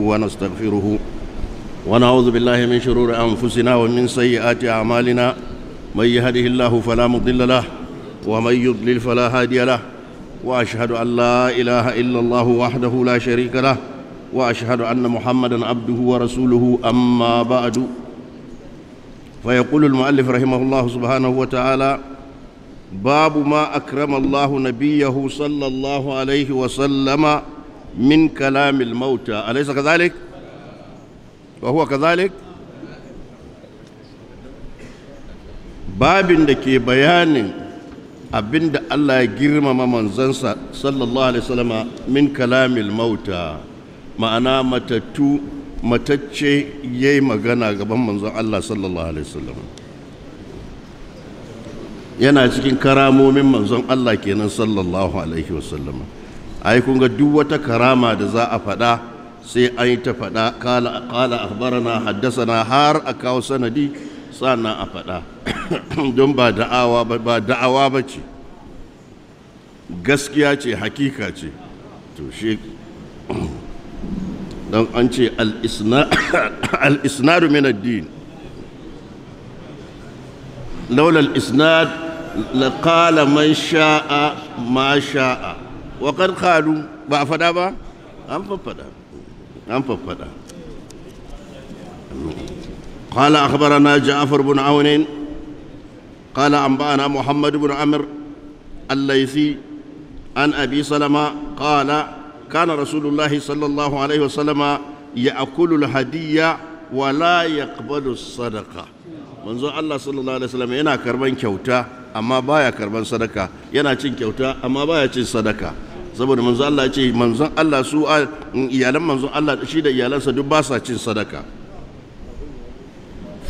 ونستغفره ونعوذ بالله من شرور أنفسنا ومن سيئات أعمالنا من يهده الله فلا مضل له ومن يضلل فلا هادي له وأشهد أن لا إله إلا الله وحده لا شريك له وأشهد أن محمدًا عبده ورسوله أما بعد فيقول المؤلف رحمه الله سبحانه وتعالى باب ما أكرم الله نبيه صلى الله عليه وسلم من كلام الموتى أليس كذلك؟ وهو كذلك؟ babin da ke bayanin abinda Allah ya girmama manzansa sallallahu alaihi wasallama min kalamil mauta ma'ana matattu matacce ya magana gaban manzon Allah sallallahu alaihi wasallama yana cikin karamomin manzon Allah kenan sallallahu alaihi wasallama ai kun ga duk wata karama da za a faɗa sai an yi ta faɗa kala kala akhbarana haddasana har a kawo sanadi sannan a faɗa don ba da'awa ba da'awa ba ce gaskiya ce hakika ce to shi don an ce al-isnadu min ad-din laula al-isnad laqala man sha'a ma sha'a wa qad qalu ba a fada ba an faffada an faffada قال أخبرنا جعفر بن عون قال أنبأنا محمد بن عمرو الليثي عن أبي سلمة قال كان رسول الله صلى الله عليه وسلم يأكل الهدية ولا يقبل الصدقة منذ الله صلى الله عليه وسلم ينا كربان كوتا أما بايا كربان صدقة ينا تشين كوتا أما بايا تشين صدقة saboda manzo Allah ce manzon Allah su iyalan manzon Allah shi da iyalansa duk ba sa cin sadaka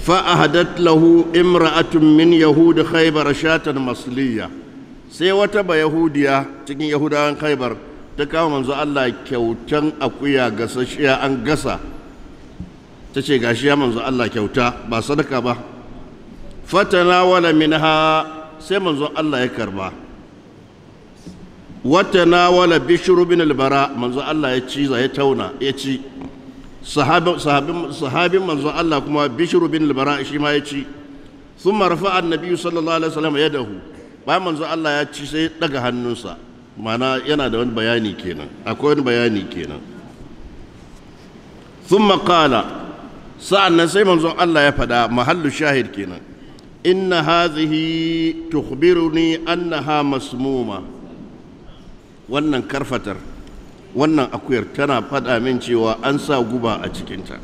fa ahadat lahu imra'atun min yahud khaybar shatan masliya sai wata ba yahudiya cikin yahudawan khaybar ta kawo manzo Allah kyautan akuya gasasshiya an gasa ta ce gashi ya manzo Allah kyauta ba sadaka ba Fatana fatanawala minha sai manzo Allah ya karba wata nawala bishiru bin albara manzo Allah ya ci ya tauna ya ci sahabin manzo Allah kuma bishiru bin albara shi ma ya ci sun marfa annabi sallallahu alaihi wasallam ya dahu bayan manzo Allah ya ci sai daga hannunsa Ma'ana yana da wani bayani kenan akwai wani bayani kenan sun maƙala sa'an nan sai manzon Allah ya faɗa mahallu shahid kenan inna hazihi tukhbiruni annaha masmuma wannan karfatar wannan akuyar tana faɗa min cewa an sa guba a cikinta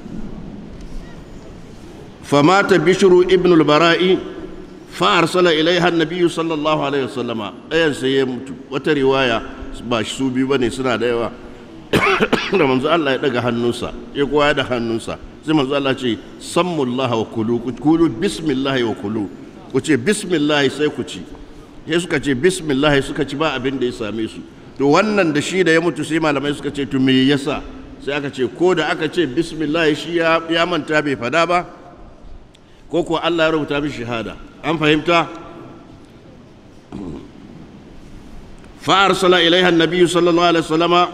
famata bishiru ibn al-bara'i fa arsala ilaiha an sallallahu alaihi wasallama ayan sai ya mutu wata riwaya ba shi su bi bane suna da yawa da manzo Allah ya daga hannunsa ya kwaya da hannunsa sai manzo Allah ce sammullaha wa kulu kulu bismillah wa kulu ku ce bismillah sai ku ci sai suka ce bismillah suka ci ba abin da ya same su to wannan da shi da ya mutu sai malamai suka ce to me yasa sai aka ce ko da aka ce bismillah shi ya manta bai fada ba ko ko Allah ya rubuta mishi shahada an fahimta fa arsala ilaiha annabi sallallahu alaihi wasallam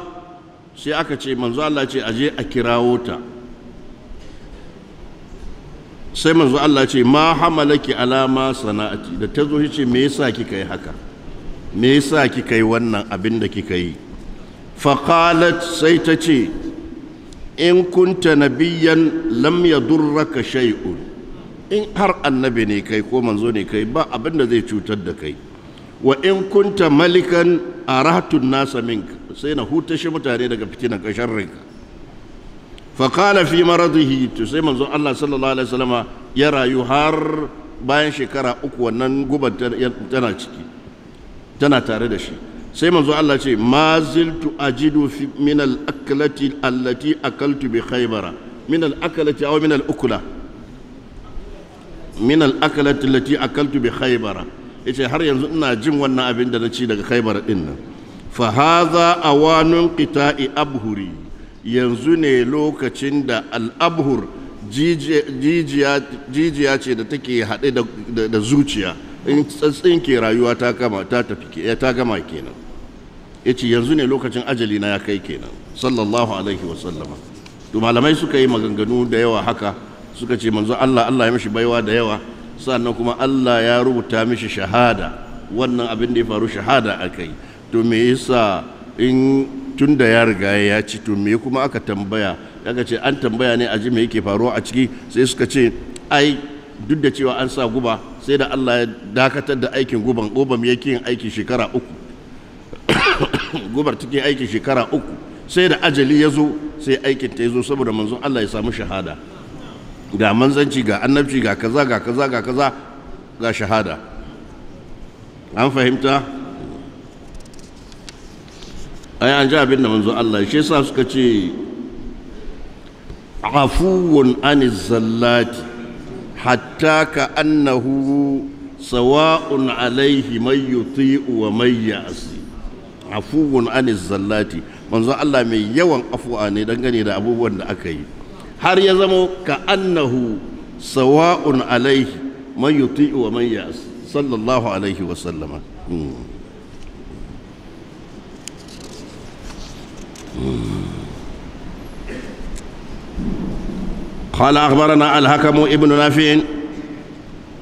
sai aka ce manzo Allah ce aje a kirawo ta sai manzo Allah ce ma hamalaki alama sana'ati da tazo shi ce me yasa kika yi haka me yasa kika yi wannan abin da kika yi faqalat sai ta ce in kunta nabiyan lam yadurraka shay'un in har annabi ne kai ko manzo ne kai ba abin da zai cutar da kai wa in kunta malikan aratun nasa minka sai na huta shi mutane daga fitinan kashin rinka faqala fi maradihi to sai manzo Allah sallallahu alaihi wasallama ya rayu har bayan shekara uku wannan gubar tana ciki tana tare da shi sai manzo Allah ce ma ziltu ajidu fi min al-aklati allati akaltu bi khaybara min al-aklati aw min al-ukla min al-aklati allati akaltu bi khaybara yace har yanzu ina jin wannan abin da na ci daga khaybara din nan fa hadha awanun qita'i abhuri yanzu ne lokacin da al-abhur jijiya ce da take haɗe da zuciya in tsatsin ke rayuwa ta gama ta tafi eh, ta gama kenan yace yanzu ne lokacin ajali na ya kai kenan sallallahu alaihi wa sallama to malamai suka yi maganganu da yawa haka suka ce manzo Allah Allah ya mishi baiwa da yawa sannan kuma Allah ya rubuta mishi shahada wannan abin da ya faru shahada akai to me yasa in tunda da ya riga ya ci to me kuma aka tambaya kaga ce an tambaya ne a ji me yake faruwa a ciki sai suka ce ai duk da cewa an sa guba sai da Allah ya dakatar da aikin guban obam yake yin aiki shekara uku gubar take aiki shekara uku sai da ajali ya zo sai aikin ta ya zo saboda manzon Allah ya samu shahada ga manzanci ga annabci ga kaza ga kaza ga kaza ga shahada an fahimta ai an ji abin da manzon Allah shi yasa suka ce afuwun aniz zallati hatta ka annahu sawa'un alaihi man yuti'u wa man afuwun aniz zallati manzon Allah mai yawan afu'a ne dangane da abubuwan da aka yi har ya zama ka annahu sawa'un alaihi man yuti'u wa man sallallahu wa sallama hmm. Hmm. قال أخبرنا الحكم ابن نافع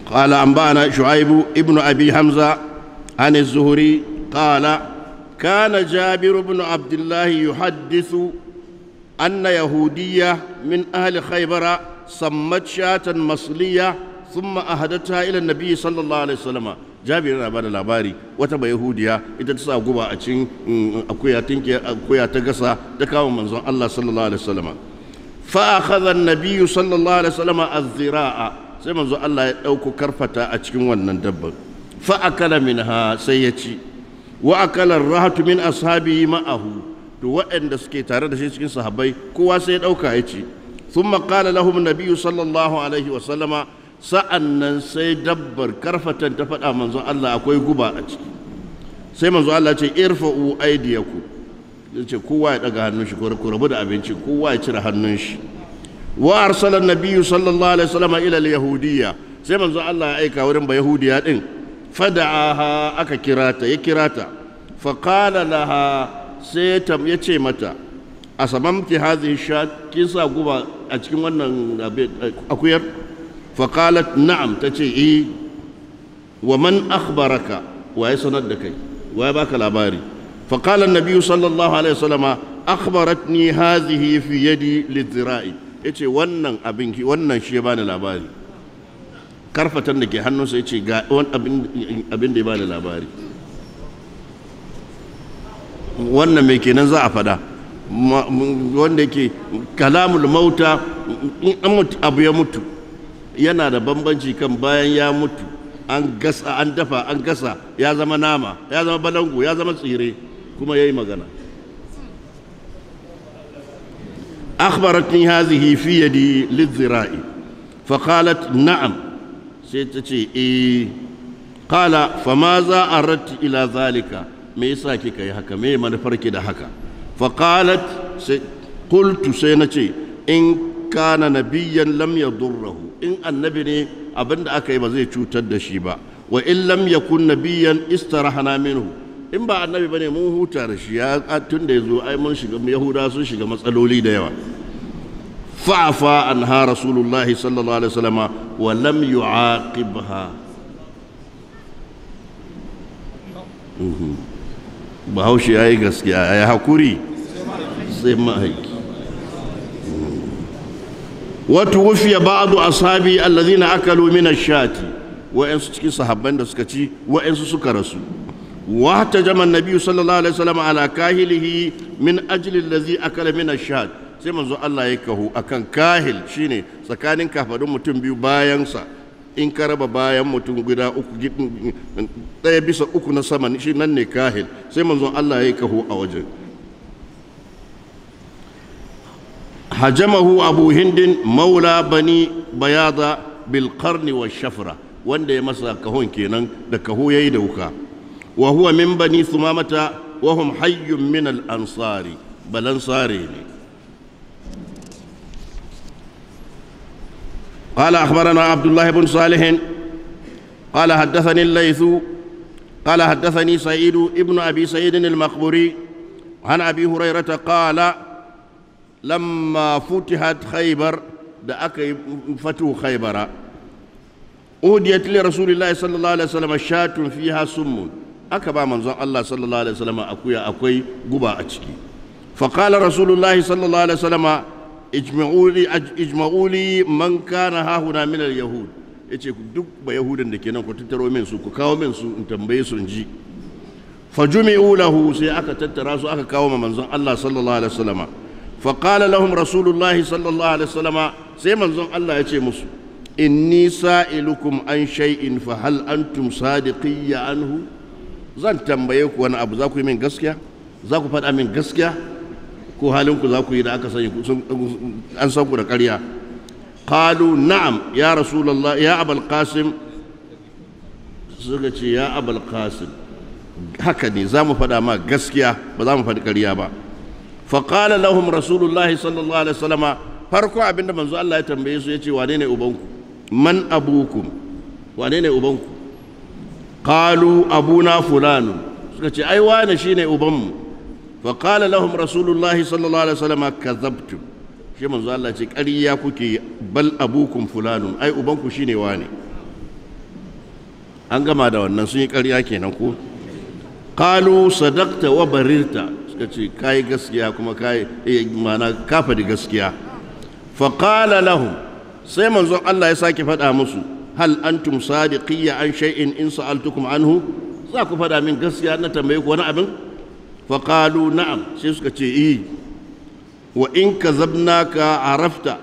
قال أنبأنا شعيب ابن أبي حمزة عن الزهري قال كان جابر بن عبد الله يحدث أن يهودية من أهل خيبر صمت شاة مصلية ثم أهدتها إلى النبي صلى الله عليه وسلم jabir yana bada labari wata ba yahudiya ita ta sa guba a cikin akuya ta gasa ta kawo manzon Allah sallallahu alaihi wasallam فأخذ النبي صلى الله sai manzo Allah ya ɗauko karfata a cikin wannan dabban fa min ha sai ya ci wa rahatu min ashabi ma'ahu to waɗanda suke tare da shi cikin sahabbai kowa sai ya ɗauka ya ci Sun maƙala lahum nabiyyu sallallahu alaihi wa sallama sa'annan sai dabbar karfatan ta faɗa manzon Allah akwai guba a ciki sai manzo Allah ce irfa'u aydiyakum ya ce kowa ya daga hannun shi ko rabu da abinci kowa ya cire hannun shi wa arsala nabiyyu sallallahu alaihi wasallam ila al-yahudiyya sai manzo Allah ya aika wurin ba yahudiya din fada'aha aka kirata ya kirata fa qala laha sai ya ce mata asamamti hadhihi shat sa guba a cikin wannan akuyar fa qalat na'am tace e, eh. wa man akhbaraka wa ya sanar da kai wa ya baka labari فقال النبي صلى الله ni وسلم أخبرتني هذه في يدي للذراع wannan abin wannan shi ya bani labari karfatan da ke hannunsa yace ga abin ya bani labari wannan mai kenan za a fada wanda ke kalamul mauta abu ya mutu yana da bambanci kan bayan ya mutu an gasa an dafa an gasa ya zama nama ya zama balangu ya zama tsire kuma ya yi magana akhbaratni hazihi fi yadi lizira'i fa qalat na'am sai ta ce eh qala fa ma za aradti ila zalika me yasa kika yi haka me manufarki da haka fa qalat sai qultu sai nace in kana nabiyyan lam yadurruhu in annabi ne abinda aka yi ba zai cutar da shi ba wa in lam yakun nabiyyan istarahana minhu in ba annabi bane mun huta da shi ya tun da yazo ai mun shiga yahuda sun shiga matsaloli da yawa fa'afa anha rasulullahi sallallahu alaihi wasallama wa lam yu'aqibha mhm. bahaushe ya yi gaskiya ya yi hakuri sai ma'aiki mhm. wata wufiya ba'adu ashabi allazina akalu min ash-shati wa'ansu cikin sahabban da suka ci wa'ansu suka rasu واحتجم النبي صلى الله عليه وسلم على كاهله من أجل الذي أكل من الشهد sai manzo Allah ya kahu akan kahil shine tsakanin kafadun mutum biyu bayansa in ka raba bayan mutum guda uku ɗaya bisa uku na sama shi nan ne kahil sai manzo Allah ya yi kahu a wajen hajamahu abu hindin maula bani bayada Bilkarni wa shafra wanda ya masa kahon kenan da kaho yi da wuka وهو من بني ثمامة وهم حي من الأنصار بل أنصارين قال أخبرنا عبد الله بن صالح قال حدثني الليث قال حدثني سعيد ابن أبي سعيد المقبوري عن أبي هريرة قال لما فتحت خيبر da فتو خيبر fatu لرسول الله صلى الله عليه وسلم wasallam فيها fiha aka ba manzon Allah sallallahu alaihi wasallam akuya akwai guba a ciki fa qala rasulullah sallallahu alaihi wasallam ijma'uli ijma'uli man kana hahuna min al-yahud yace duk ba yahudan da kenan ku tattaro min su ku kawo min su in tambaye su in ji fa jumi'u lahu sai aka tattara su aka kawo ma manzon Allah sallallahu alaihi wasallam fa qala lahum rasulullah sallallahu alaihi wasallam sai manzon Allah yace musu inni sa'ilukum an shay'in fa hal antum sadiqiyya anhu zan tambaye ku wani abu za ku yi min gaskiya za ku faɗa min gaskiya ko halinku za ku yi da aka sani an san ku da ƙarya qalu na'am ya rasulullah ya abul qasim suka ce ya abul qasim haka ne za mu faɗa ma gaskiya ba za mu faɗi ƙarya ba faqala lahum rasulullahi sallallahu alaihi wasallama farko abinda manzo Allah ya tambaye su yace wane ne ubanku man abukum wane ne ubanku qalu abuna Fulanu suka ce ai wane shine ubanmu fa qala lahum rasulullahi sallallahu alaihi wasallam kazabtum shi manzo Allah ce ƙarya kuke bal abukum Fulanu ai ubanku shine wane an gama da wannan sun yi ƙarya kenan ko Kalu sadakta wa barirta suka ce kai gaskiya kuma kai mana kafa da gaskiya fa qala lahum sai manzon Allah ya sake faɗa musu hal antum sadiqiyya an shay'in in sa'altukum anhu za ku min gaskiya na tambaye ku wani abin fa qalu na'am sai suka ce eh wa in kazabnaka arafta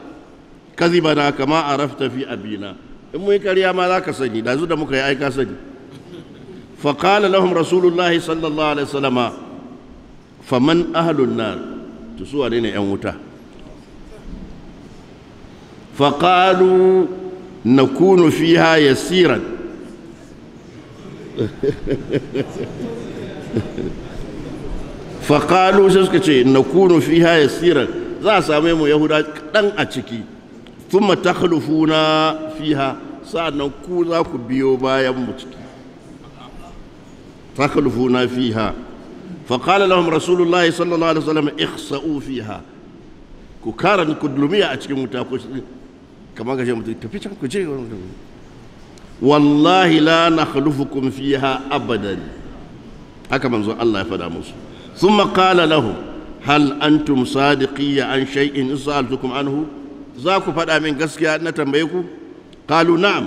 kazibana kama arafta fi abina in mun karya ma za ka sani da da muka yi aika sani fa qala lahum rasulullahi sallallahu alaihi wasallama faman ahlun nar to su wane ne yan wuta fa qalu nakunu fiha yasiran faƙalu sai suka ce nakunu fiha yasiran za a same mu yahuda ɗan a ciki thumma takhlufuna fiha sa'annan ku za ku biyo bayan mu ciki fiha فقال لهم رسول الله صلى الله عليه وسلم اخسؤوا فيها ku kara ku dulmiya a cikin kamar gaje mutum tafi can ku je wallahi la nakhlufukum fiha abadan haka manzo Allah ya faɗa musu thumma qala lahu hal antum sadiqiyya an shay'in sa'altukum anhu za ku faɗa min gaskiya na tambaye ku qalu na'am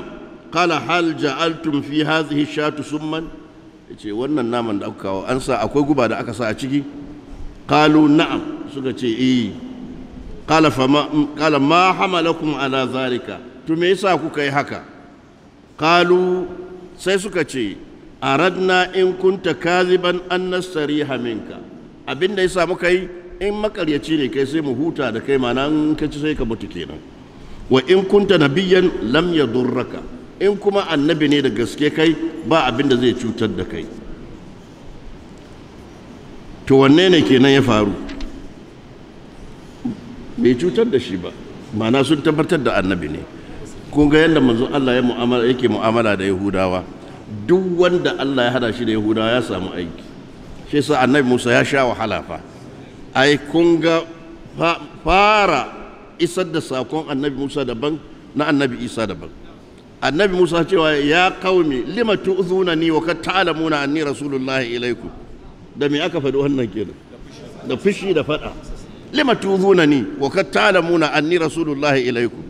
qala hal ja'altum fi hadhihi shatu summan yace wannan naman da aka kawo an sa akwai guba da aka sa a ciki qalu na'am suka ce eh Kala fama qala ma hamalakum ala zalika to me yasa kuka yi haka qalu sai suka ce aradna in kunta kaziban an nastariha minka abinda yasa muka yi in makaryaci ne kai sai mu huta da kai mana in ka ci sai ka mutu kenan wa in kunta nabiyyan lam yadurraka in kuma annabi ne da gaske kai ba abin da zai cutar da kai to wanne ne kenan ya faru bai cutar da shi ba mana sun tabbatar da annabi ne kun ga yadda manzon Allah ya mu'amala yake mu'amala da Yahudawa duk wanda Allah ya hada shi da Yahudawa ya samu aiki shi yasa annabi Musa ya sha wahala fa ai kun ga fara isar da sakon annabi Musa daban na annabi Isa daban annabi Musa cewa ya kaumi lima ni wa ta'lamuna anni rasulullahi ilaikum da me aka faɗi wannan kenan da fushi da faɗa lima tuzunani wa kad ta'lamuna anni rasulullahi ilaikum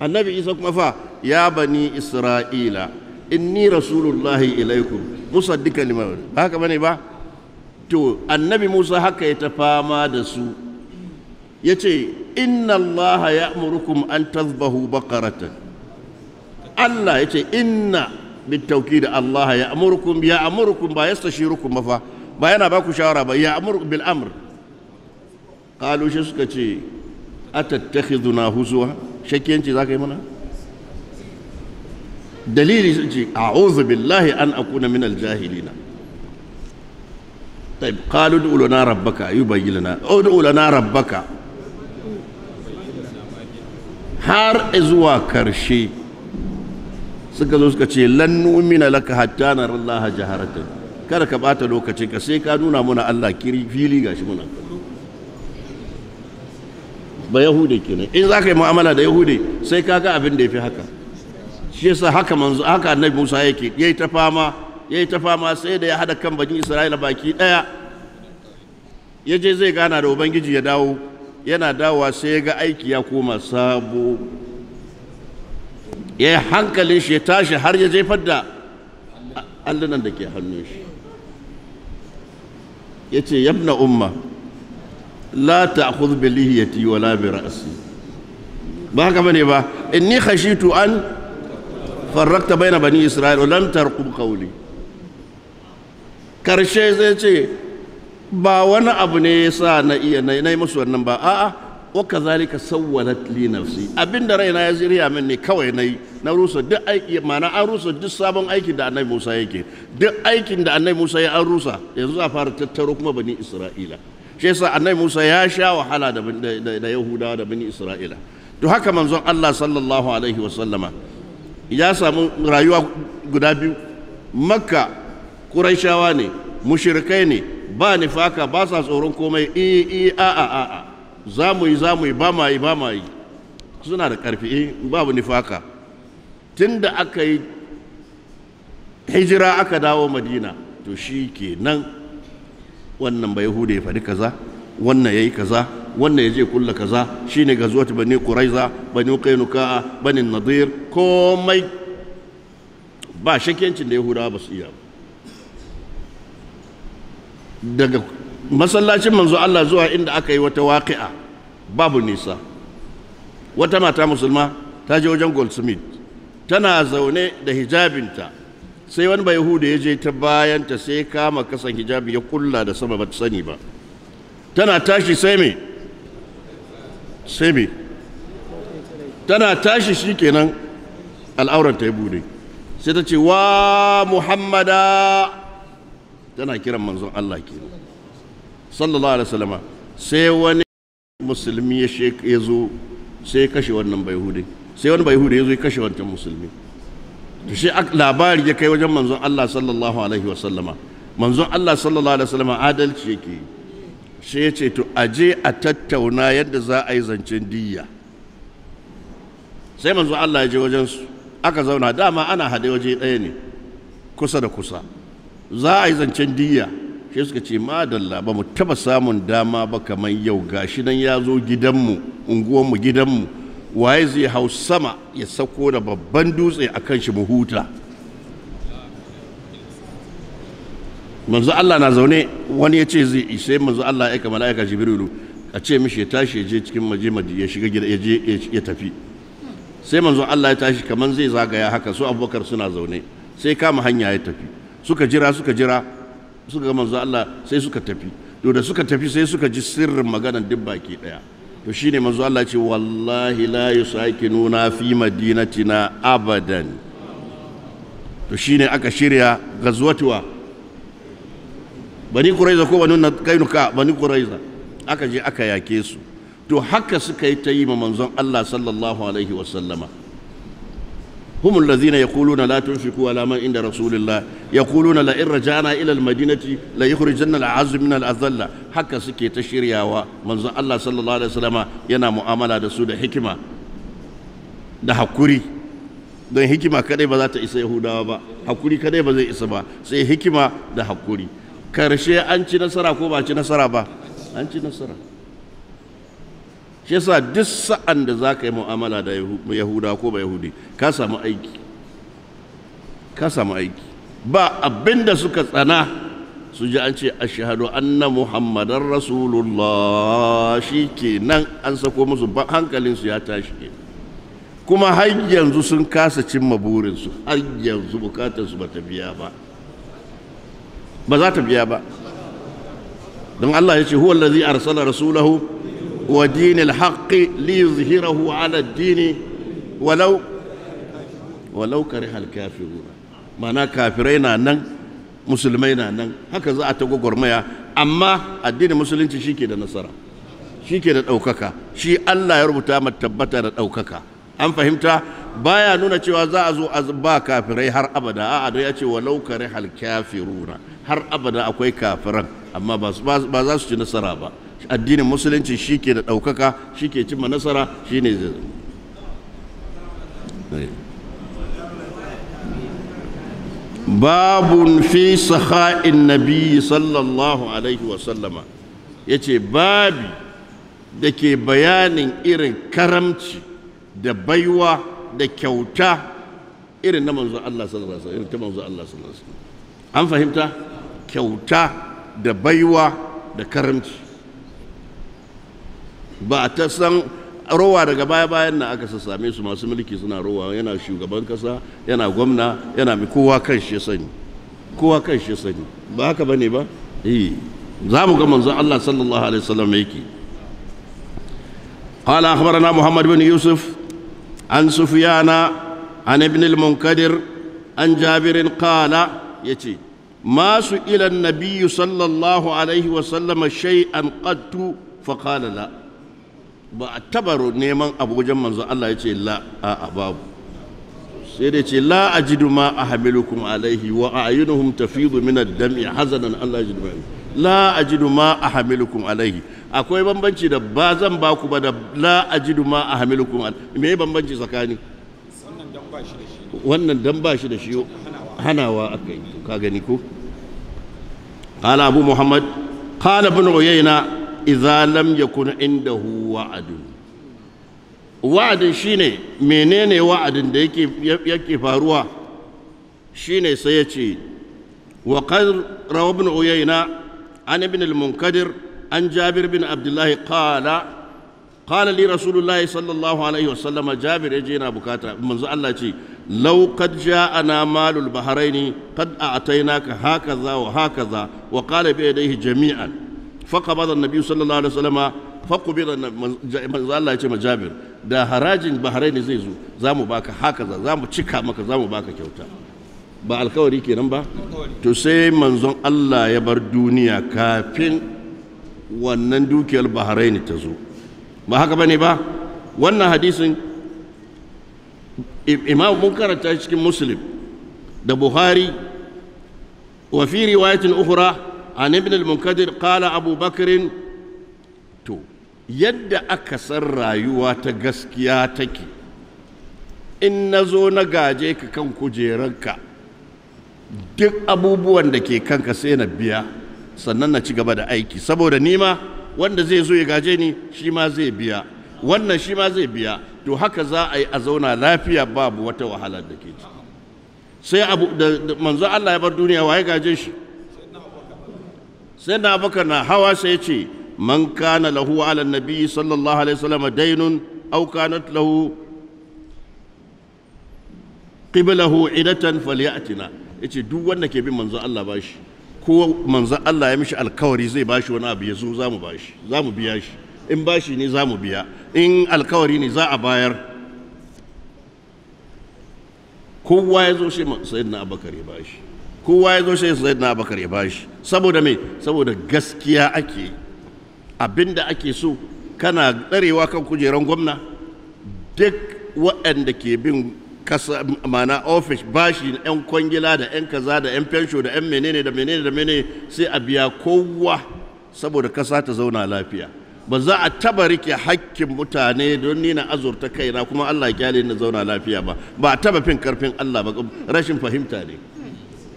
annabi isa kuma fa ya bani isra'ila inni rasulullahi ilaikum musaddikan lima haka bane ba to annabi musa haka ya tafama da su yace inna allaha ya'murukum an tazbahu baqaratan allah yace inna بالتوكيد الله يأمركم يأمركم با يستشيركم مفا با ينا باكو شاورا با يأمر بالأمر qalu shi suka ce atattakhiduna huzwa shakiyanci ka yi mana dalili sun ce a'udhu billahi an akuna min aljahili na. aljahilina طيب قالوا yi لنا ربك يبين لنا ادعوا لنا ربك har zuwa karshe suka zo suka ce lan nu'mina laka hatta nara Allah jaharatan kada ka bata lokaci ka sai ka nuna muna Allah kiri fili gashi muna ba yahude kenan in za ka yi mu'amala da yahude sai ka ga abin da ya fi haka shi yasa haka manzo haka annabi musa yake ya ta fama ya ta fama sai da ya hada kan bakin isra'ila baki ɗaya ya je zai gana da ubangiji ya dawo yana dawowa sai ya ga aiki ya koma sabo ya yi hankalin shi ya tashi har ya jefar da allunan da ke hannun shi ya ce yabna umma la ta'khudh bi lihiyati wa la bi ra'si ba haka bane ba inni khashitu an farraqta bayna bani isra'il wa lam tarqub qawli karshe zai ce ba wani abu ne yasa na iya na yi musu wannan ba a'a wa kazalika sawwalat li nafsi abinda raina ya ziriya min ne kawai nayi na rusa duk aiki ma'ana an rusa duk sabon aikin da annabi Musa yake duk aikin da annabi Musa ya an rusa yanzu a fara tattaro kuma bani Isra'ila shi yasa annabi Musa ya sha wahala da Yahudawa da bani Isra'ila to haka manzon Allah sallallahu alaihi wa sallama ya samu rayuwa guda biyu Makka Qurayshawa ne mushrikai ne ba nifaka ba sa tsoron komai i i a a a zamu yi za yi ba ma yi ba ma yi suna da karfi eh babu nifaka tunda aka yi hijira aka dawo Madina to shi nan. wannan bai hude ya faɗi kaza wannan yayi kaza wannan ya je kulla kaza shine gazuwat bani quraiza bani qainuka bani nadir komai ba shakiyancin da yahuda ba su iya daga masallacin manzo Allah zuwa inda aka yi wata waqi'a babu nisa wata mata musulma ta je wajen goldsmith tana zaune da hijabinta sai wani bai yahuda ya je ta bayanta sai kama kasan hijabi ya kulla da sama ba sani ba tana tashi sai me sai me tana tashi shi al'auran ta ya bude sai ta ce wa muhammada tana kiran manzon Allah kenan sallallahu alaihi wasallama sai wani musulmi ya zo sai kashe wannan bai sai wani bai ya zo ya kashe wancan musulmi to shi labari ya kai wajen manzon Allah sallallahu alaihi wasallama manzon Allah sallallahu alaihi wasallama adalci yake shi ya ce to aje a tattauna yadda za a yi zancen diyya sai manzon Allah ya je wajen su aka zauna dama ana hade waje ɗaya ne kusa da kusa za a yi zancen diyya shi suka ce madalla ba mu taba samun dama ba kamar yau gashi nan ya zo gidanmu unguwanmu gidanmu waye zai hau sama ya sauko da babban dutse a kan shi muhuta manzu Allah na zaune wani ya ce zai sai manzu Allah ya aika mala'ika jibrilu a ce mishi ya tashi ya je cikin maje ya shiga gida ya je ya tafi sai manzu Allah ya tashi kaman zai zagaya haka su abokar suna zaune sai kama hanya ya tafi suka jira suka jira suka ga manzo Allah sai suka tafi to da suka tafi sai suka ji sirrin maganar duk baki daya to shine manzo Allah ce wallahi la nuna fi madinatina abadan to shine aka shirya gazwatuwa bani quraiza ko bani kainuka bani quraiza aka je aka yake su to haka suka yi ta yi ma manzon Allah sallallahu alaihi wasallama هم الذين يقولون لا تنفقوا على من عند رسول الله يقولون لئن رجعنا إلى المدينة ليخرجن العز من الأذلة حكا سكي تشريا ومن الله صلى الله عليه وسلم ينا معاملة رسول حكمة ده حكوري don hikima kadai ba za ta isa yahudawa ba hakuri kadai ba zai isa ba sai hikima da hakuri karshe an ci nasara ko ba ci nasara ba an ci nasara shi yasa duk sa'an da za ka yi mu'amala da yahuda ko ba yahudi ka samu aiki ka samu aiki ba abin da suka tsana su ji an ce ashhadu anna muhammadan rasulullah shi ke nan an sako musu hankalinsu ya tashi kuma har yanzu sun kasa cimma burinsu har yanzu bukatarsu ba ta biya ba ba za ta biya ba don allah ya ce huwa allazi arsala rasulahu ودين الحق ليظهره على الدين ولو ولو كره الكافرون معناه كافرين نن musulmai na nan haka za a ta gwagwarmaya amma addinin musulunci shi ke da nasara shi ke da ɗaukaka shi Allah ya rubuta ma tabbata da ɗaukaka an fahimta baya nuna cewa za a zo a ba kafirai har abada a'a dai ya ce walau kare hal har abada akwai kafiran amma ba za su ci nasara ba addinin musulunci shi ke da ɗaukaka shi ke cimma nasara shi ne babun fi saha'in nabi sallallahu alaihi wasallama ya ce babi da ke bayanin irin karamci da baiwa da kyauta irin na manzo Allah sallallahu alaihi wasallam ta manzo Allah sallallahu alaihi wasallam an fahimta kyauta da baiwa da karamci ba ta san rowa daga baya bayan na aka same su masu mulki suna rowa yana shugaban kasa yana gwamna yana mai kowa kan shi sani kowa kan shi sani ba haka ne ba eh za mu ga manzon Allah sallallahu alaihi wasallam yake قال أخبرنا محمد بن يوسف عن سفيان عن an المنكدر عن جابر قال يتي ما سئل النبي sallallahu alaihi عليه وسلم شيئا قد فقال لا ba a tabaro neman abu wajen manzo Allah ya ce la a babu sai dai ce la ajidu ma hamilukun alaihi wa a tafidu min ad-dam'i hazanan Allah yajidu ma la ajidu ma hamilukun alaihi akwai bambanci da ba zan ba ku ba da la ajidu ma alaihi me bambanci tsakani wannan dan ba shi da shi hanawa akai ka gani ko قال abu muhammad قال ابن عيينة idza lam yakun indahu wa'adun menene wa'adin da yake yake faruwa ne sai ya ce wa rawa uyayna an ibn al-munkadir an jabir bin qala qala li rasulullahi sallallahu alaihi jabir yaje yana bukata manzo Allah ce law qad ja'ana malul bahraini qad a'tainaka hakaza wa hakaza wa qala bi yadayhi jami'an فقبض النبي صلى الله عليه da harajin Bahrain zai zo zamu baka haka za zamu cika maka zamu baka kyauta ba alkawari kenan ba to sai manzon Allah ya bar duniya kafin wannan dukiyar Bahrain ta zo ba haka bane ba wannan hadisin imam mun karanta cikin Muslim da Buhari wa fi riwayatin ukhra an ibn al-munkadir qala abu bakrin to yadda aka san rayuwa ta gaskiya take in na zo na gaje ka kan kujeranka duk abubuwan da ke kanka sai na biya sannan na ci gaba da aiki saboda nima wanda zai zo ya gaje ni shi ma zai biya wannan shi ma zai biya to haka za a yi a zauna lafiya babu wata wahalar da ke ciki sai abu da manzo Allah ya bar duniya wa ya gaje shi sai na abubakar na hawa sai ce man kana lahu ala nabi sallallahu alaihi wasallam dainun aw kanat lahu qiblahu idatan falyatina yace duk wanda ke bin manzon Allah bashi ko manzon Allah ya mishi alkawari zai bashi wani abu yazo zamu bashi zamu biya shi in bashi ne zamu biya in alkawari ne za a bayar kowa ya zo shi sayyidina abubakar ya bashi kowa ya zo shi sai na bakar ya bashi saboda me saboda gaskiya ake abinda ake so kana ɗarewa kan kujeran gwamna duk waɗanda ke bin kasa mana ofis bashi yan kwangila da yan kaza da yan fensho da yan menene da menene da menene sai a biya kowa saboda kasa ta zauna lafiya ba za a taba rike hakkin mutane don ni na azurta kaina kuma Allah ya kyale ni zauna lafiya ba ba a taba fin karfin Allah ba rashin fahimta ne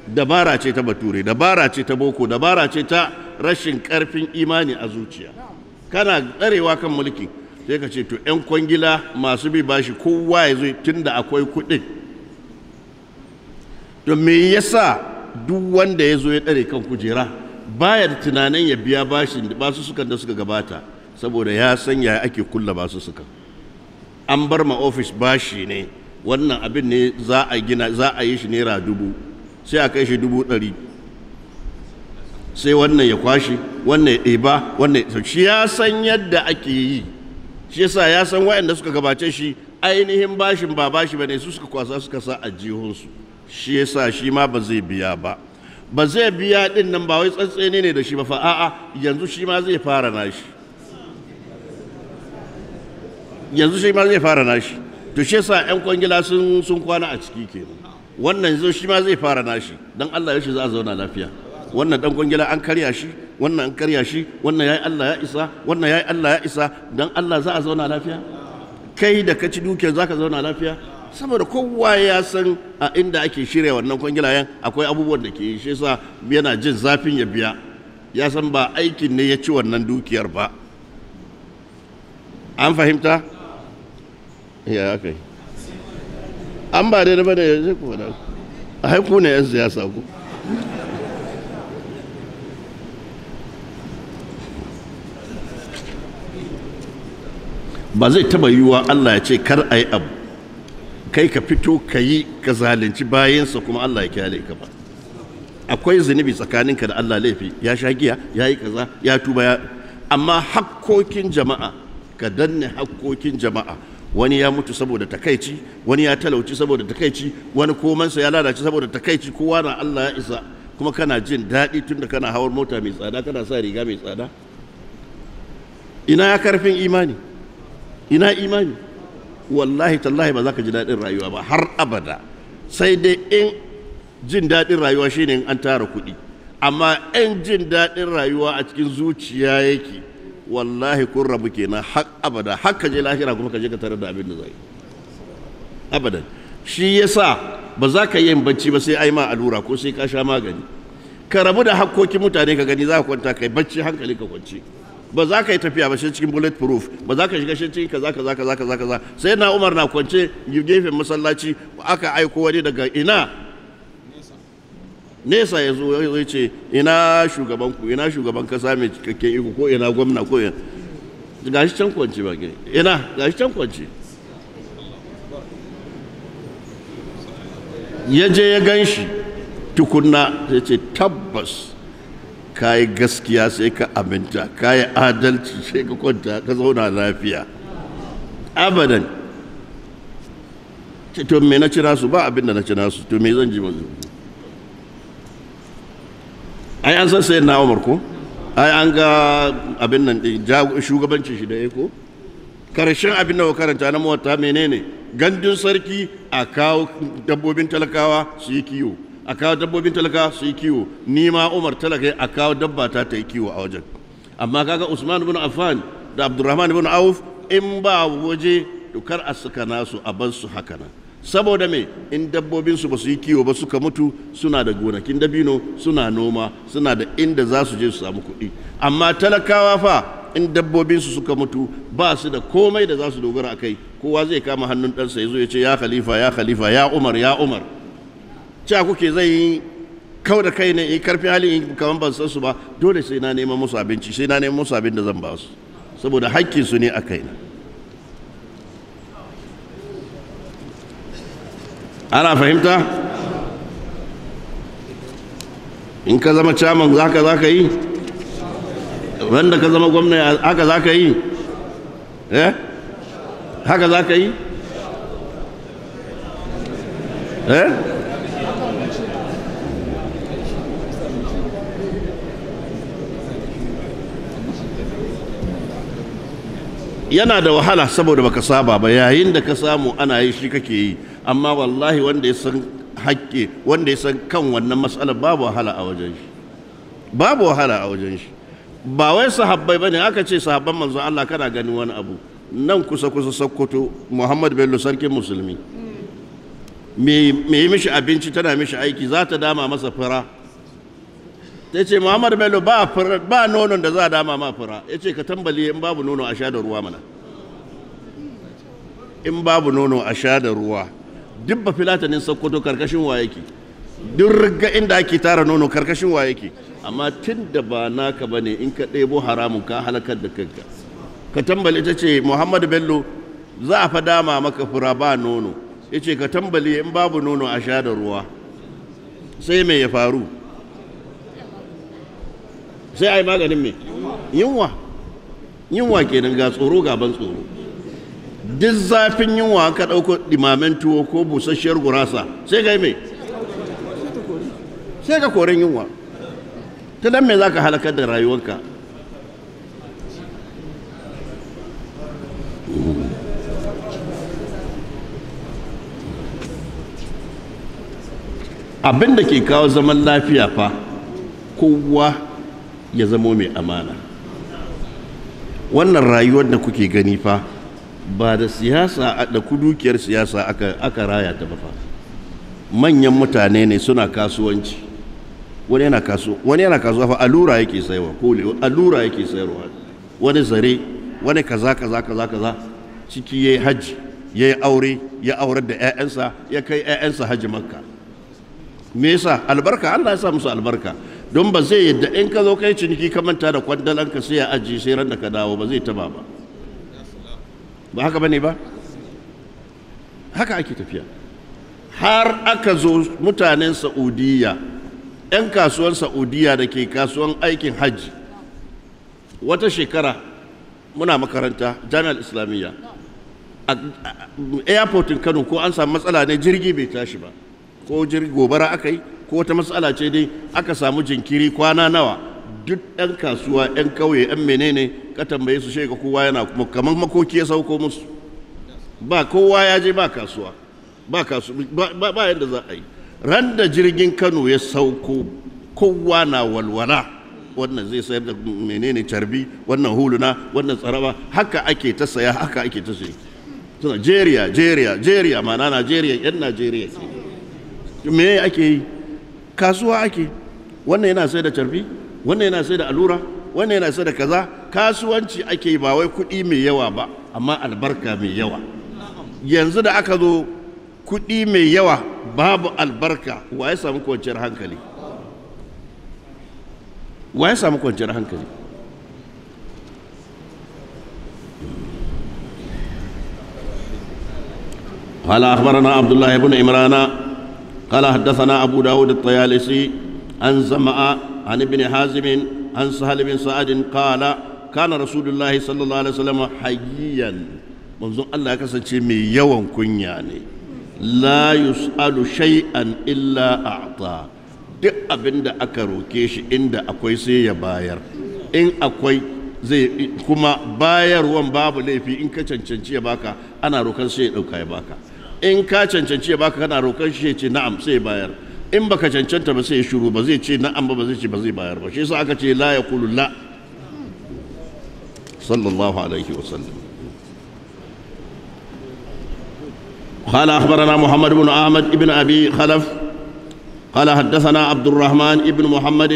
dabara ce ta bature dabara ce ta boko dabara ce ta rashin karfin imani a zuciya kana tsarewa kan mulki sai ka ce to 'yan kwangila masu bi bashi kowa ya zo tun da akwai kuɗin to me yasa duk wanda ya zo ya tsare kan kujera baya tunanin ya biya bashin basu sukan da suka gabata saboda ya san ya ake kulla basu sukan an bar ma ofis bashi ne wannan abin ne za a za a yi shi naira dubu sai a kai shi dubu ɗari sai wannan ya kwashi wannan ya ɗeba wannan ya shi ya san yadda ake yi shi yasa ya san wayanda suka gabace shi ainihin bashin ba bashi bane su suka kwasa suka sa a jihunsu shi yasa shi ma ba zai biya ba ba zai biya din nan ba wai tsantsene ne da shi ba fa a'a yanzu shi ma zai fara nashi yanzu shi ma zai fara nashi to shi yasa 'yan kwangila sun kwana a ciki kenan wannan yanzu shi ma zai fara nashi dan Allah ya shi za a zauna lafiya wannan dan kwangila an karya shi wannan an karya shi wannan yayi Allah ya isa wannan yayi Allah ya isa dan Allah za a zauna lafiya kai da ka ci za ka zauna lafiya saboda kowa ya san a inda ake shirya wannan kwangilayen akwai abubuwan da ke shi yasa yana jin zafin ya biya ya san ba aikin ne ya ci wannan dukiyar ba an fahimta ya kai an ba daidai ba da yanzu ku da a haiku ne yan siyasa ku ba zai taba yiwuwa Allah ya ce kar a yi abu kai ka fito ka yi ka zalunci bayansa kuma Allah ya kyale ka ba akwai zunubi tsakaninka da Allah laifi ya sha giya ya yi kaza ya tuba ya amma hakkokin jama'a ka danne hakkokin jama'a wani ya mutu saboda takaici wani ya talauci saboda takaici wani komansa ya lalace saboda takaici kowa na Allah ya isa kuma kana jin daɗi tunda kana hawar mota mai tsada kana sa riga mai tsada ina ya karfin imani ina imani wallahi tallahi ba za ka ji daɗin rayuwa ba har abada sai dai in jin daɗin rayuwa shine in an tara kuɗi amma in jin daɗin rayuwa a cikin zuciya yake wallahi kun rabu kenan har abada har ka je lahira kuma ka je ka tare da abin da zai abadan shi yasa ba za ka yin bacci ba sai ai ma allura ko sai ka sha magani ka rabu da hakkokin mutane ka gani za ka kwanta kai bacci hankali ka kwance ba za ka yi tafiya ba shi cikin bullet proof ba za ka shiga shi cikin kaza kaza kaza kaza kaza sai na Umar na kwance gefen masallaci aka aiko wani daga ina nesa ya zo ya ce ina shugaban ku ina shugaban kasa mai cikakken iko ko ina gwamna ko ina shi can kwanci ba gani ina ga shi can kwanci ya je ya gan shi tukunna ya ce tabbas ka yi gaskiya sai ka aminta ka yi adalci sai ka kwanta ka zauna lafiya abadan to me na cira su ba abin da na cira su to me zan ji mazu ai an san na Umar ko ai an ga abin nan shugabanci shi da eko karshen abin da karanta na mawata menene gandun sarki a kawo dabbobin talakawa su yi kiwo a kawo dabbobin talakawa su yi kiwo ni ma umar talaka a kawo dabba ta ta yi kiwo a wajen amma kaga usman ibn affan da abdurrahman ibn auf in ba waje to kar a nasu a bar su haka nan saboda me in dabbobin su basu yi kiwo ba suka mutu suna da gonakin dabino suna noma suna da inda za su je su samu kuɗi amma talakawa fa in dabbobin su suka mutu ba su da komai da za su dogara akai kowa zai kama hannun ɗansa ya zo ya ce ya khalifa ya khalifa ya umar ya umar cewa kuke zai yi kau da kai ne in karfi hali in kaman ban san su ba dole sai na neman musu abinci sai na neman musu abin da zan ba su saboda hakkin su ne a kaina ana fahimta in ka zama caman zaka zaka yi wanda ka zama gwamna haka zaka yi eh haka zaka yi eh yana da wahala saboda baka saba ba yayin da ka samu ana yi shi kake yi amma wallahi wanda ya san haƙƙi wanda ya san kan wannan matsalar babu wahala a wajen shi babu wahala a wajen shi ba wai sahabbai bane aka ce sahabban manzo Allah kana ganin wani abu nan kusa kusa Sokoto Muhammad Bello sarkin musulmi me me mishi abinci tana mishi aiki za ta dama masa fura ta ce Muhammad Bello ba ba nonon da za a dama ma fura ya ce ka tambali in babu nono a sha da ruwa mana in babu nono a sha da ruwa dibba filatanin sokoto karkashin wa yake duk riga inda ake tara nono karkashin wa yake amma tun da ba naka bane in ka ɗebo haramun ka halakar da kanka ka tambali ta ce muhammadu bello za a fa dama maka fura ba nono ya ce ka tambali in babu nono a sha da ruwa sai me ya faru sai a yi maganin me yunwa yunwa kenan ga tsoro gaban tsoro duk zafin yunwa ka ɗauko ɗimamen tuwo ko busasshiyar gurasa sai ka yi mai sai ka koren yunwa ta dan me za ka halakar da rayuwarka abin da ke kawo zaman lafiya fa kowa ya zamo mai amana wannan rayuwar da kuke gani fa ba da siyasa da kudukiyar siyasa aka raya ta ba manyan mutane ne suna kasuwanci wani yana kasuwa fa allura yake sayarwa ko allura yake sayarwa wani zare wani kaza kaza kaza kaza ciki yayi haji yayi aure ya aurar da ƴaƴansa ya kai ƴaƴansa haji makka me yasa albarka Allah ya sa musu albarka don ba zai yadda in ka zo kai ciniki ka manta da kwandalanka sai ya aji sai ran da ka dawo ba zai taba ba ba haka bane ba haka ake tafiya har aka zo mutanen saudiya 'yan kasuwan saudiya da ke kasuwan aikin hajji wata shekara muna makaranta janar islamiyya a airportin kano ko an samu matsala ne jirgi bai tashi ba ko jirgi gobara aka yi ko wata matsala ce dai aka samu jinkiri kwana nawa duk ɗan kasuwa ɗan kauye ɗan menene ka tambaye su shega kowa yana kuma kamar makoki ya sauko musu ba kowa ya je ba kasuwa ba kasuwa ba yadda za a yi ran da jirgin kano ya sauko kowa na walwala wannan zai sayar da menene carbi wannan huluna wannan tsaraba haka ake ta saya haka ake ta saya ta Najeriya Jeriya Jeriya na Najeriya yan Najeriya me ake yi kasuwa ake wannan yana sai da carbi wannan yana sai da allura wannan yana sai da kaza kasuwanci ake ba wai kuɗi mai yawa ba amma albarka mai yawa yanzu da aka zo kuɗi mai yawa babu albarka wa ya samu kwanciyar hankali wa ya samu kwanciyar hankali قال أخبرنا عبد الله بن عمران قال حدثنا أبو داود الطيالسي عن زمأ عن ابن حازم عن سهل بن سعد قال كان رسول الله صلى الله عليه وسلم حييا منذ الله كسنتي مي يوم كنياني لا يسأل شيئا إلا أعطى duk abin da aka roke shi inda akwai sai ya bayar in akwai zai kuma bayarwan babu laifi in ka cancanci ya baka ana rokan sai ya ɗauka ya baka in ka cancanci ya baka kana rokan shi ya ce na'am sai ya bayar in baka cancanta ba sai ya shiru ba zai ce na'am ba ba zai ce ba zai bayar ba shi yasa aka ce la yaqulu la sallallahu alaihi wasallam قال أخبرنا محمد بن أحمد بن أبي خلف قال حدثنا عبد الرحمن بن محمد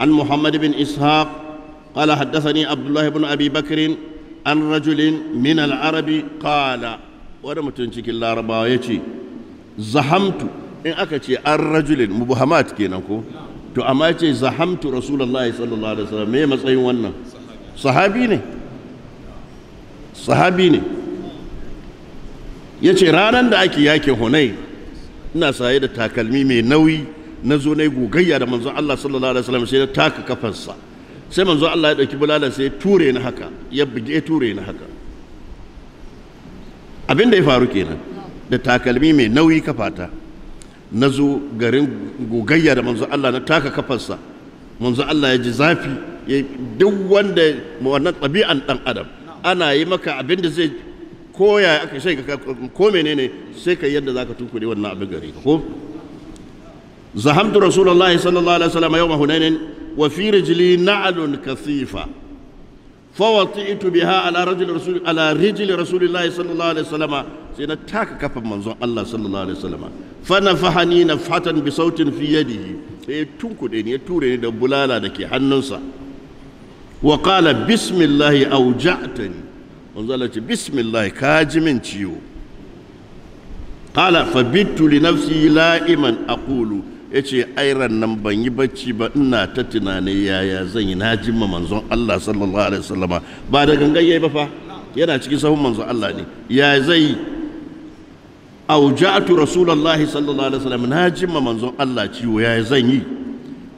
عن محمد بن إسحاق قال حدثني عبد الله بن أبي بكر عن رجل من العرب قال ورمت الله ربا يتي زحمت in aka ce an rajulin muhammad kenan ko to amma ce zahamtu rasulullahi sallallahu alaihi wasallam me matsayin wannan sahabi ne sahabi ne ya ce ranar da ake yakin hunai ina saye da takalmi mai nauyi na zo na yi gogayya da manzon Allah sallallahu alaihi wasallam sai na taka kafansa sai manzon Allah ya ɗauki bulalan sai ya ture ni haka ya buge ya ture ni haka abin da ya faru kenan da takalmi mai nauyi kafata na zo garin gogayya da manzo Allah na taka kafarsa manzo Allah ya ji zafi duk wanda wannan ɗabi'an ɗan adam ana yi maka abin da zai koya aka sai ka ko menene sai ka yadda zaka tukure wannan abin gare ka ko zahamtu rasulullahi sallallahu alaihi wasallam yawma hunainin wa fi rijli na'lun kathifa فوطئت بها على رجل رسول على رجل رسول الله صلى الله عليه sai na taka kafin manzon Allah sallallahu alaihi wasallama fa nafahani fatan bi sautin fi yadihi sai ya tunkude ni ya ture ni da bulala da ke hannunsa wa qala bismillahi awja'tani manzon Allah ce bismillahi ka ji min ciwo qala fa bitu li nafsi la'iman aqulu yace ai nan ban yi bacci ba ina ta tunanin yaya zan yi na jimma manzon Allah sallallahu alaihi wasallama ba da gangan yayi ba fa yana cikin sahun manzon Allah ne ya zai auja'atu rasulullahi sallallahu alaihi wasallam na jimma manzon Allah ciwo yayi zan yi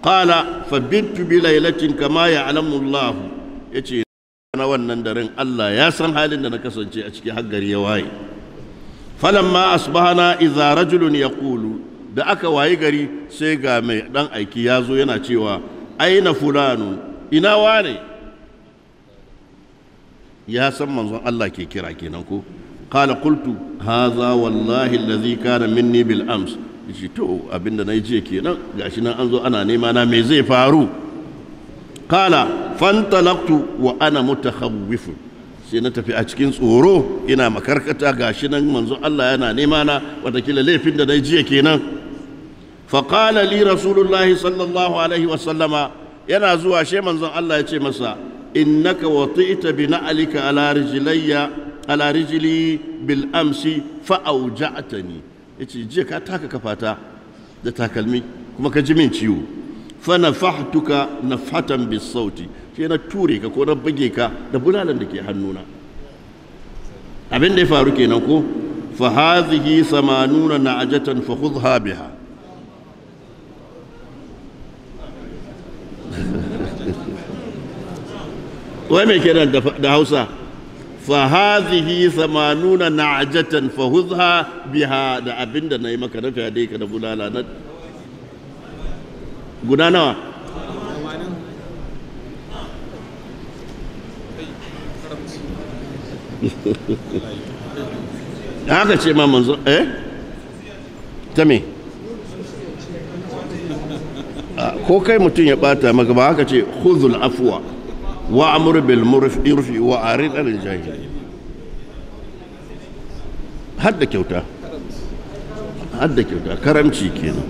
qala fa bintu bi lailatin kama ya'lamu Allah yace na wannan daren Allah ya san halin da na kasance a ciki har gari ya waye falamma asbahana idza rajulun yaqulu da aka wayi gari sai ga mai ɗan aiki ya zo yana cewa aina fulanu ina wane ya san manzon Allah ke kira kenan ko Kala Kultu haza wallahi alladhi kana minni bil ams yace to abinda nayi ce kenan gashi nan ana nema na me zai faru qala fantalaqtu wa ana mutakhawwif sai na tafi a cikin tsoro ina makarkata gashi nan manzo Allah yana nema na watakila laifin da nayi jiya kenan faqala li rasulullahi sallallahu alaihi wa sallama yana zuwa she manzo Allah ya ce masa innaka wati'ta bi na'alika ala rijlayya Alarijili, bil amsi fa auja'tani yace jiya ka taka kafata da takalmi kuma ka ji min ciwo fa na na fatan bis sauti shi na ture ka ko na bage ka da bulalan da ke hannuna abin da ya faru kenan ko fa hadhihi samanuna ajatan fa khudha biha wai me kenan da Hausa فهذه ثمانون نعجة فهذها بها دا أبن دا نايمة كنا في هديك دا بلالا ند ko kai mutum ya bata maka ba ce khuzul afwa wa amur bil murfi wa arid al jahili hadda kyauta hadda kyauta karamci kenan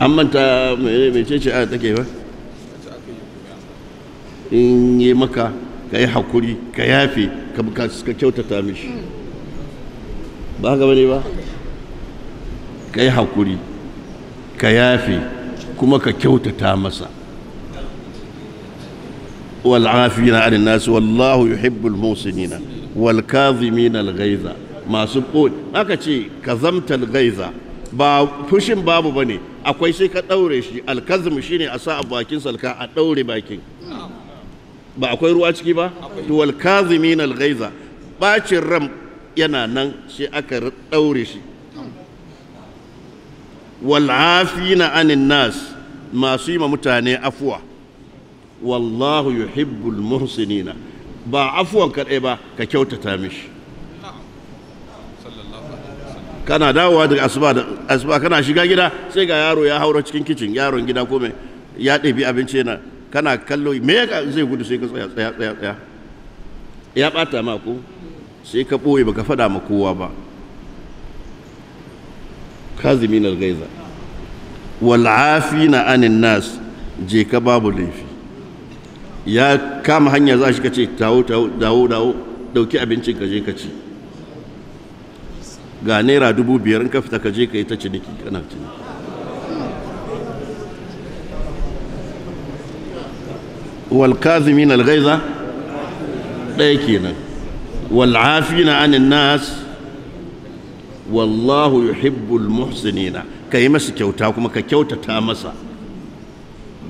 an manta mai ce a take ba in yi maka ka yi haƙuri ka yafe ka kyautata mishi ba haka bane ba ka yi haƙuri ka yafe kuma ka kyautata masa والعافين عن الناس والله يحب المحسنين والكاظمين gaiza masu سبقون aka ce kazamta gaiza. ba fushin babu ba ne. akwai sai ka ɗaure shi Alkazim shi ne a sa a bakin salka a ɗaure bakin ba akwai ruwa ciki ba to wal kazimin alghaiza bacin ram yana nan sai aka ɗaure shi Wal'afi na masu yi والعافين mutane afuwa. Wallahu سيما hibbul أفوا والله يحب المحسنين با أفوا كالإبا ككوتة mishi. kana dawowa daga asuba da asuba kana shiga gida sai ga yaro ya haura cikin kicin yaron gida ko mai ya ɗabi abinci yana kana kallo me zai gudu sai ka tsaya tsaya tsaya ya ɓata ma ko sai ka ɓoye ba ka faɗa ma kowa ba kazimin al-gaiza wal anin nas je ka babu laifi ya kama hanya za shi kace tawo tawo dawo dawo dauki abincin ka je ka ci ga naira dubu biyar in ka fita ka je ka yi ta ciniki kana ciniki wal kazimin al-gaiza ɗaya kenan wal'afina anin nas wallahu yuhibbul muhsinina ka yi masa kyauta kuma ka kyautata masa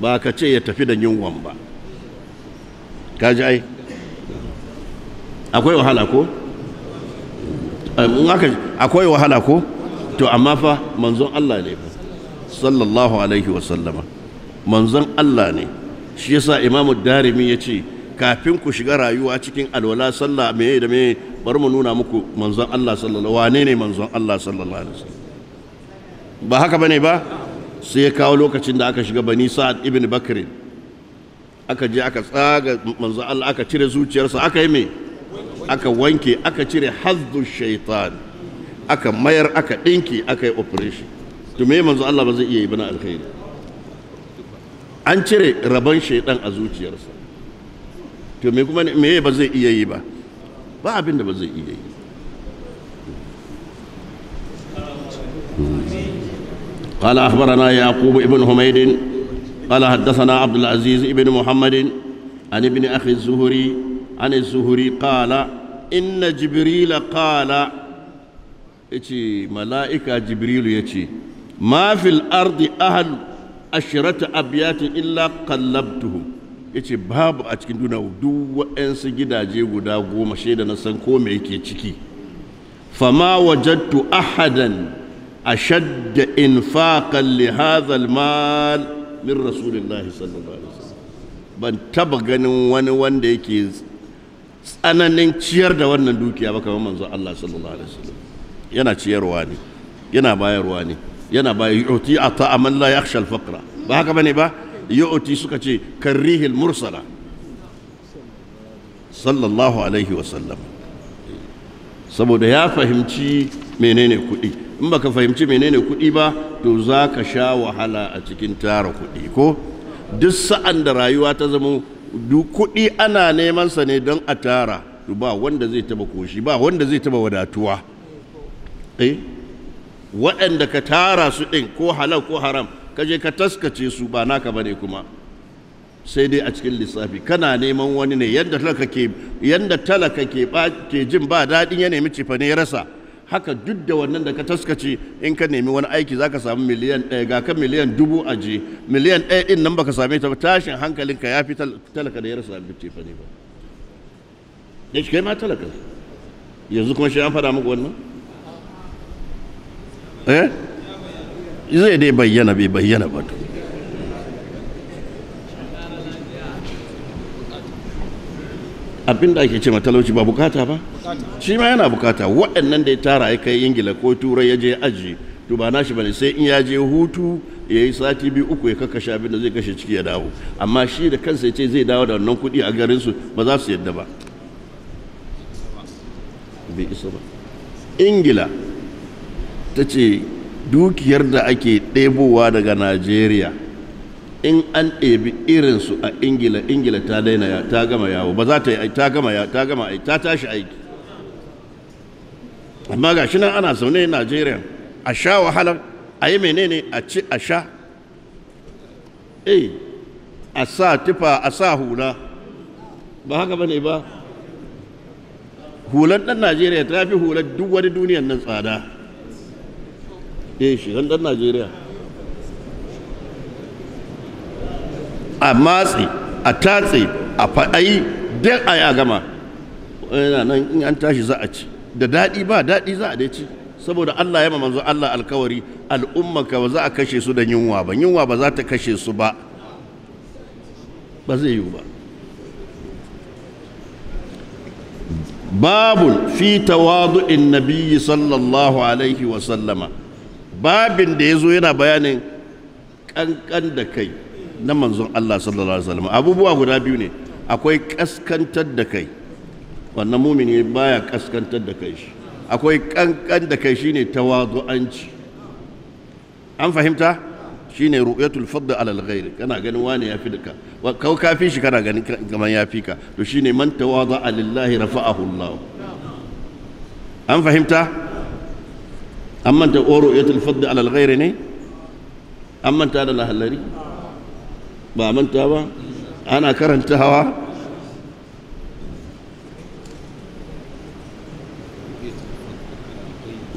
ba ka ce ya tafi da yunwan ba ka ji ai akwai wahala ko akwai wahala ko to amma fa manzon Allah ne sallallahu alaihi wa sallama manzon Allah ne shi yasa imamu darimi ya ce kafin ku shiga rayuwa cikin alwala sallah meye da meye bari mu nuna muku manzon Allah sallallahu wane ne manzon Allah sallallahu alaihi wasallam ba haka bane ba sai ya kawo lokacin da aka shiga bani sa'ad ibn bakr aka je aka tsaga manzon Allah aka cire zuciyarsa aka yi me aka wanke aka cire hazzu shaitan aka mayar aka dinki aka yi operation to me manzon Allah ba zai iya yi alkhair alkhairi an cire rabon shaitan a zuciyarsa to me kuma me ba zai iya yi ba ba abin da ba zai iya yi قال أخبرنا يعقوب ابن حميد قال حدثنا عبد العزيز ابن محمد عن ابن أخي الزهري عن الزهري قال إن جبريل قال إتي ملائكة جبريل يتي ما في الأرض أهل عشرة أبيات إلا قلبتهم ya ce babu a cikin duniya duk waɗansu gidaje guda goma shaida na san ko me yake ciki fama wajattu ahadan ashadda infaqan li lihazal almal min rasulillahi sallallahu alaihi wasallam ban taba ganin wani wanda yake tsananin ciyar da wannan dukiya ba kamar manzo Allah sallallahu alaihi wasallam yana ciyarwa ne yana bayarwa ne yana bayar yuti ata man la yakhsha al-faqra ba haka bane ba yu'ti suka ce karrihil mursala sallallahu alaihi wasallam saboda ya fahimci menene kuɗi in baka fahimci menene kuɗi ba to za ka sha wahala a cikin tara kuɗi ko duk sa'an da rayuwa ta zama duk kuɗi ana neman sa ne don a tara ba wanda zai taba koshi ba wanda zai taba wadatuwa eh waɗanda ka tara su ɗin ko halal ko haram ka je ka taskace su ba naka bane kuma sai dai a cikin lissafi kana neman wani ne yadda talaka ke yadda talaka ke ke jin ba daɗin ya nemi cifa ne ya rasa haka duk da wannan da ka taskace in ka nemi wani aiki za ka samu miliyan ɗaya ga ka miliyan dubu a je miliyan ɗaya ɗin nan baka same ta ba tashin hankalinka ya fi talaka da ya rasa duk cifa ne ba ne shi kai ma talaka yanzu kuma shi an faɗa muku wannan eh zai dai bayyana bai bayyana ba to abin da ake ce ma talauci ba bukata ba shi ma yana bukata waɗannan da ya tara ya kai ingila ko turai ya je aji to ba nashi bane sai in ya je hutu ya yi sati biyu uku ya kakashe abin da zai kashe ciki ya dawo amma shi da kansa ya ce zai dawo da wannan kuɗi a garin su ba za su yadda ba ba ingila ta ce dukiyar da ake ɗebowa daga najeriya in an ɗebi irinsu a ingila ingila ta daina ya ta gama yawo ba za ta yi ta gama ya ta gama ta tashi aiki amma ga shi nan ana zaune najeriya a sha wahalar a yi menene a ci a sha eh, a sa tufa a sa hula ba haka ba ne ba hular ɗan najeriya ta fi hular duk wani duniyan nan tsada ya eh, shi dan Najeriya a matsi a tatse a faɗai don a a gama yana nan in an tashi za a ci da daɗi ba daɗi za a dai ci saboda Allah ya manzo Allah alkawari al'ummaka ba za a kashe su da yunwa ba yunwa ba za ta kashe su ba ba zai yiwu ba babul fi tawadu'in nabiyyi sallallahu alaihi wa sallama babin da ya zo yana bayanin ƙanƙan da kai na manzon Allah sallallahu alaihi wasallam abubuwa guda biyu ne akwai ƙaskantar da kai wannan mumini baya ƙaskantar da kai shi akwai ƙanƙan da kai shine tawadu'anci an fahimta shine ru'yatul fadl ala al-ghayr kana ganin wani yafi da ka kau ka fi shi kana ganin kaman yafi ka to shine man tawadu'a lillahi rafa'ahu Allah an fahimta an manta oro ya tulfadda alal ghairi ne an manta da lahallari ba manta ba ana karanta hawa.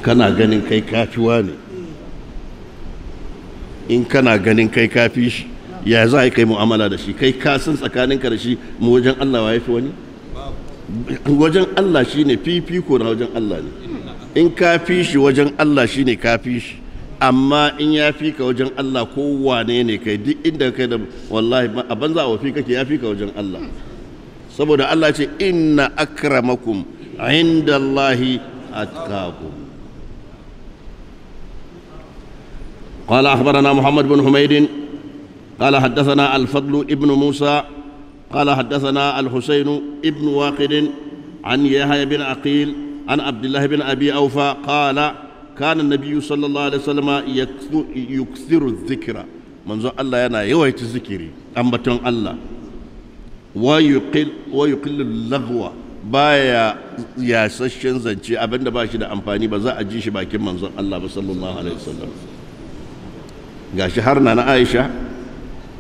kana ganin kai kafi ne in kana ganin kai kafi shi ya za a yi kai mu'amala da shi kai kasan tsakaninka da shi mu wajen Allah wa ya fi wani wajen Allah shi ne fifiko na wajen Allah ne in ka fi shi wajen Allah shine ka fi shi amma in ya fi ka wajen Allah ko wane ne kai duk inda kai da wallahi a banza wa fi kake ya fi ka wajen Allah saboda Allah ce inna akramakum inda Allahi atkakum قال أخبرنا محمد بن حميد قال حدثنا الفضل ابن موسى قال حدثنا الحسين ابن واقد عن يحيى بن عقيل عن عبد الله بن أبي أوفى قال كان النبي صلى الله عليه وسلم يكثر الذكر منذ الله ينا يويت الذكر أمبتون الله ويقل ويقل اللغو yasasshen zance abinda ba shi da amfani ba za a ji shi bakin manzon Allah ba sallallahu har Aisha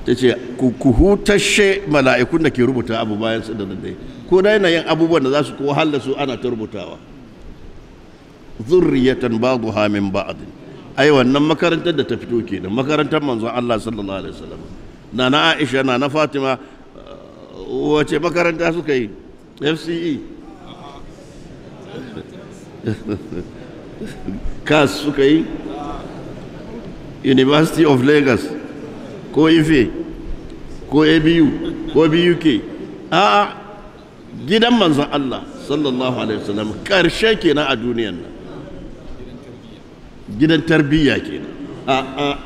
ta ce ku hutashe mala'ikun da ke rubuta abu bayan su da daddai ko da yana yin abubuwan da za su halla su ana ta rubutawa zurriyatan ba'dha min ba'd ai wannan makarantar da ta fito kenan makarantar manzon Allah sallallahu alaihi wasallam na na Aisha na na Fatima uh, wace makaranta suka yi FCE kas suka yi University of Lagos ko Ife ko ABU ko BUK a'a gidan manzon Allah sallallahu alaihi wasallam karshe kenan a duniyan nan gidan tarbiyya kenan a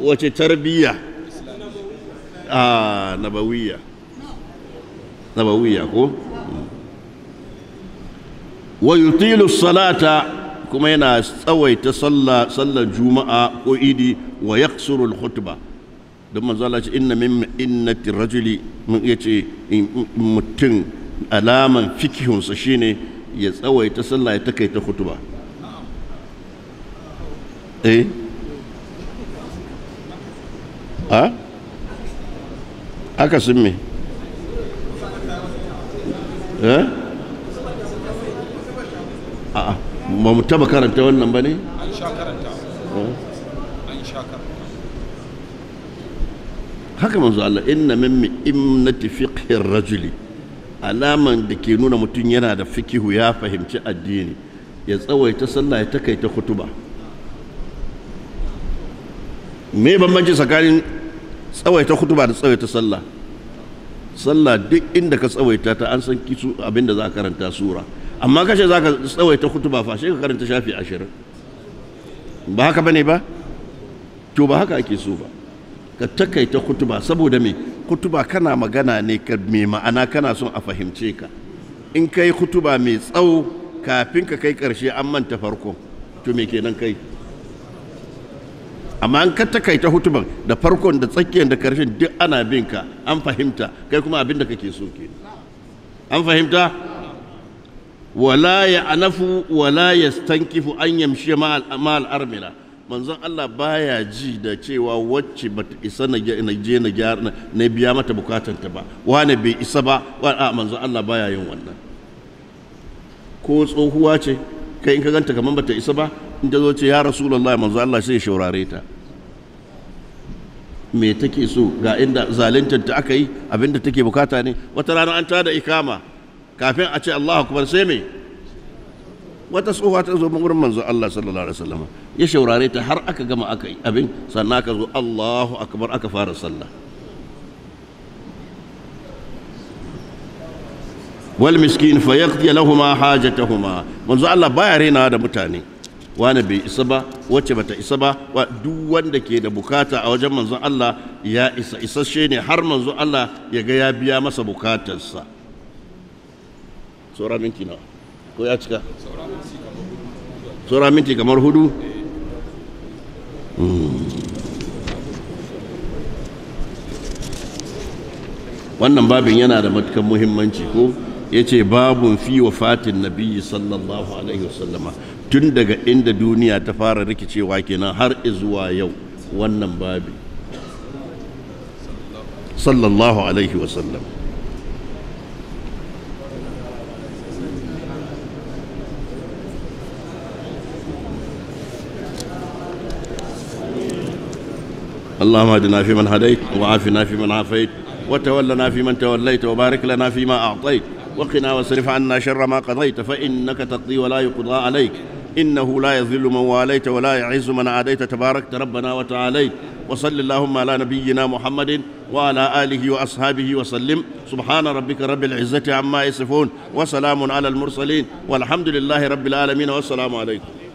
wace tarbiyya a nabawiyya nabawiyya ko wa salata kuma yana tsawaita sallar juma'a ko idi wa yaqsuru al don manzo ce inna min rajuli mun yace mutum alaman fikihunsa shine ya tsawaita sallar ya takaita hutuba eh a aka sun me eh Ah, ba mu taba karanta wannan ba ne an sha karanta an sha karanta haka manzo Allah inna min imnati ar rajuli alaman da ke nuna mutum yana da fikihu ya fahimci addini ya tsawaita sallah ya takaita hutuba me bambanci tsakanin tsawaita hutuba da tsawaita sallah sallah duk inda ka tsawaita ta an san kisu abinda za a karanta sura amma kashe za ka tsawaita hutuba fa shi ka karanta shafi ashirin ba haka bane ba to ba haka ake so ba ka takaita hutuba saboda me hutuba kana magana ne ka me ma'ana kana son a fahimce ka in kai hutuba mai tsawo kafin ka kai karshe an manta farko to me kenan kai amma an ka takaita hutuban da farkon da tsakiyar da karshen duk ana bin ka an fahimta kai kuma abin da kake so ke an fahimta wala ya anafu wala ya stankifu an yamshi ma'al armila manzon Allah baya ji da cewa wacce ba ta isa na je na gyara na biya mata bukatanta ba wane bai isa ba a manzon Allah baya yin wannan ko tsohuwa ce kai in ka ganta kamar bata isa ba in ta zo ce ya rasulullahi manzo Allah sai ya shaurare ta me take so ga inda zaluntar ta aka yi abinda take bukata ne wata rana an tada ikama kafin a ce Allah akbar sai me wata tsohuwa ta zo wurin manzo Allah sallallahu alaihi wasallam ya shaurare ta har aka gama aka yi abin sannan aka zo Allahu akbar aka fara sallah wal miskin fa yaqdi lahumu hajatahuma manzo Allah baya rena da mutane wani bai isa ba wacce bata isa ba duk wanda ke da bukata a wajen manzon Allah ya isa isasshe ne har manzon Allah ya ga ya biya masa bukatarsa saura minti na ko ya cika saura minti kamar hudu hmm. wannan babin yana da matukan muhimmanci ko yace babun fi wafatin nabiyyi sallallahu alaihi wasallam tun daga inda duniya ta fara rikicewa kenan har zuwa yau wannan babi sallallahu alaihi wasallam اللهم اهدنا فيمن هديت وعافنا فيمن عافيت وتولنا فيمن توليت وبارك لنا فيما اعطيت وقنا واصرف عنا شر ما قضيت فإنك تقضي ولا يقضى عليك إنه لا يذل من واليت ولا يعز من عاديت تباركت ربنا وتعاليت وصل اللهم على نبينا محمد وعلى آله وأصحابه وسلم سبحان ربك رب العزة عما يصفون وسلام على المرسلين والحمد لله رب العالمين والسلام عليكم